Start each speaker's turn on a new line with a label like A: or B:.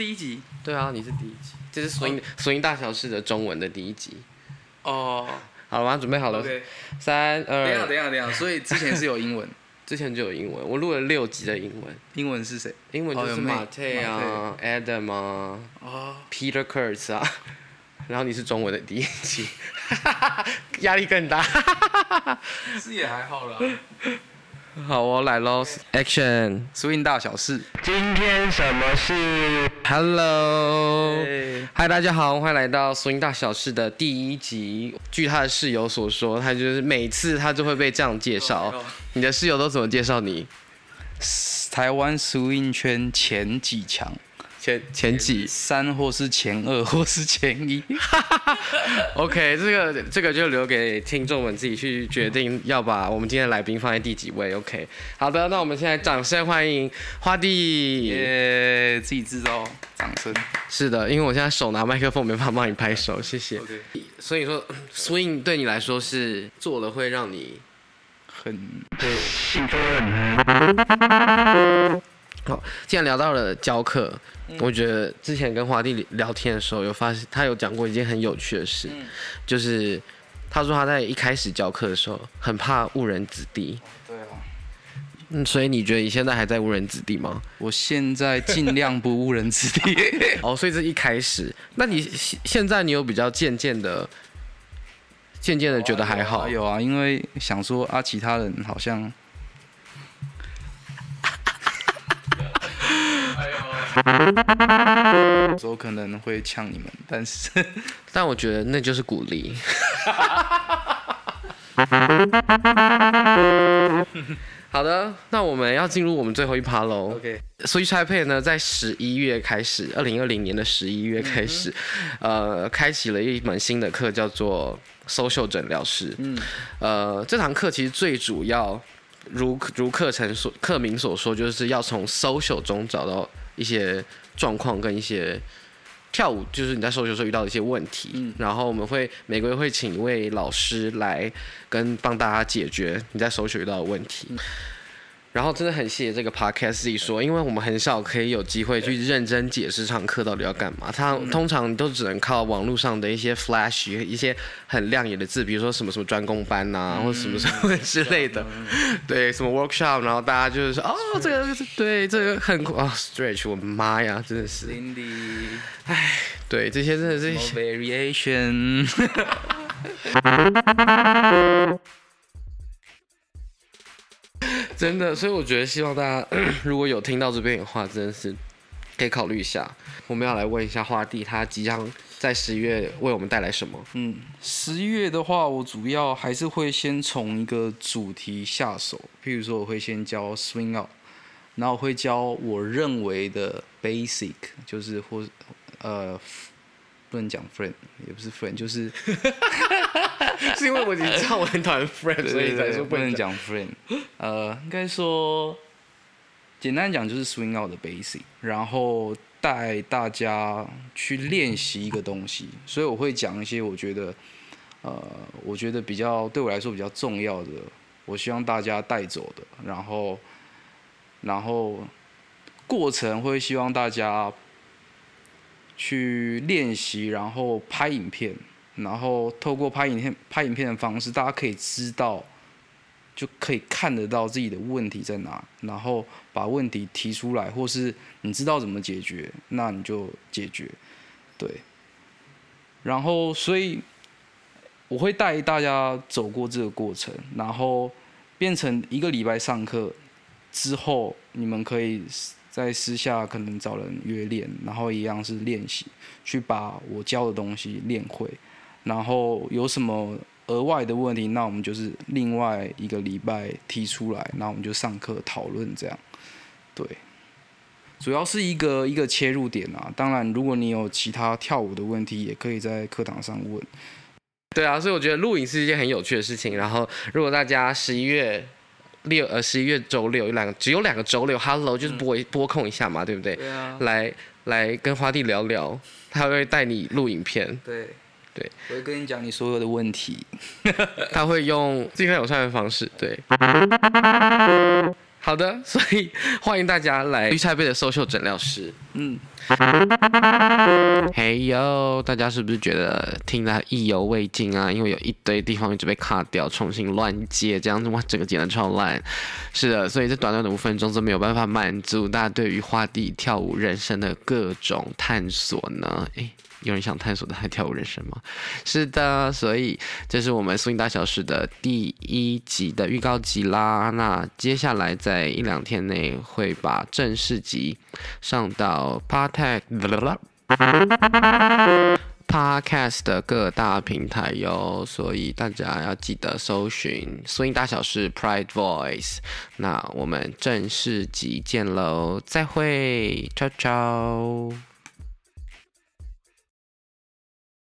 A: 第一集，對啊，你是第一集，這是《索音，索音大小事的中文的第一集，哦，好了嗎？準備好了，三二。等一下等下等下，所以之前是有英文，之前就有英文，我錄了六集的英文。英文是誰？英文就是 Mate 啊，Adam 啊，Peter Kurtz 啊，然後你是中文的第一集，壓力更大，其實也還好啦。
B: 好，我來嘍。Action，Swing 大小事。
A: 今天什麼事？Hello，嗨，大家好，歡迎來到 Swing 大小事的第一集。據他的室友所說，他就是每次他就會被這樣介紹。你的室友都怎麼介紹你？台灣 Swing 圈前幾強。前前幾前三，或是前二，或是前一 ，OK，這個這個就留給聽眾們自己去決定，要把我們今天的來賓放在第幾位？OK，好的，那我們現在掌聲歡迎花弟，yeah, 自己製造掌聲。是的，因為我現在手拿麥克風，沒辦法幫你拍手，謝謝。Okay. 所以說，Swing 對你來說是做了會讓你很興奮。 好、哦，既然聊到了教課，嗯、我覺得之前跟花弟聊天的時候，有發現他有講過一件很有趣的事，嗯、就是他說他在一開始教課的時候很怕誤人子弟。哦、對啊。嗯，所以你覺得你現在還在誤人子弟嗎？我現在盡量不誤人子弟。 哦，所以這一開始，那你現在你有比較漸漸的、
B: 漸漸的覺得還好、哦啊有啊？有啊，因為想說啊，其他人好像。
A: 有時候可能會嗆你們，但是， 但我覺得那就是鼓勵。好的，那我們要進入我們最後一趴嘍。OK，所以 Switch Taipei 呢，在十一月開始，二零二零年的十一月開始，嗯、哼呃，開啟了一門新的課，叫做 Social 診療室。嗯，呃，這堂課其實最主要，如如課程所課名所說，就是要從 Social 中找到。一些狀況跟一些跳舞，就是你在社交時候遇到的一些問題，嗯、然後我們會每個月會請一位老師來跟幫大家解決你在社交遇到的問題。嗯然後真的很謝謝這個 podcast 說，因為我們很少可以有機會去認真解釋上課到底要幹嘛。他通常都只能靠網絡上的一些 flash，一些很亮眼的字，比如說什麼什麼專攻班吶、啊，嗯、或什麼什麼之類的。啊嗯、對，什麼 workshop，然後大家就是說，哦，這個、嗯、對，這個很酷，oh, stretch，我媽呀，真的是。Cindy。哎，對，這些真的是。Small variation。 真的，所以我覺得希望大家如果有聽到這邊的話，真的是可以考慮一下。我們要來問一下花弟，他即將在十月為我們帶來什麼？嗯，十
B: 月的話，我主要還是會先從一個主題下手，譬如說我會先教 Swing out，然後我會教我認為的 basic，就是或呃。不能講 friend，也不是 friend，就是，
A: 是因為我已知道我很討
B: 厭 friend， 所以才說不能講 friend。 呃，應該說，簡單講就是 swing out 的 basic，然後帶大家去練習一個東西。所以我會講一些我覺得，呃，我覺得比較對我來說比較重要的，我希望大家帶走的。然後，然後過程會希望大家。去練習，然後拍影片，然後透過拍影片、拍影片的方式，大家可以知道，就可以看得到自己的問題在哪，然後把問題提出來，或是你知道怎麼解決，那你就解決，對。然後，所以我會帶大家走過這個過程，然後變成一個禮拜上課之後，你們可以。在私下可能找人約練，然後一樣是練習，去把我教的東西練會，然後有什麼額外的問題，那我們就是另外一個禮拜提出來，那我們就上課討論這樣。對，主要是一個一個切入點啊。當然，如果你有其他跳舞的問題，也可以在課堂上問。
A: 對啊，所以我覺得錄影是一件很有趣的事情。然後，如果大家十一月。六呃，十一月週六有兩個，只有兩個週六，Hello 就是播一、嗯、播控一下嘛，對不對？對啊。來來跟花弟聊聊，他會帶你錄影片。對。對。我會跟你講你所有的問題。 他會用最開友善的方式。對。對好的，所以歡迎大家來 Switch Taipei 的 Social 診療室。嗯，嘿呦，大家是不是覺得聽得意猶未盡啊？因為有一堆地方一直被卡掉，重新亂接，這樣子整個剪得超爛。是的，所以這短短的五分鐘都沒有辦法滿足大家對於花弟跳舞人生的各種探索呢。哎，有人想探索的還跳舞人生嗎？是的，所以這是我們 Swing 大小事的第一集的預告集啦。那接下來在在一兩天內會把正式集上到 podcast 的各大平台喲、哦，所以大家要記得搜尋 “Swing 大小事 Pride Voice”。那我們正式集見嘍，再會，Ciao ciao。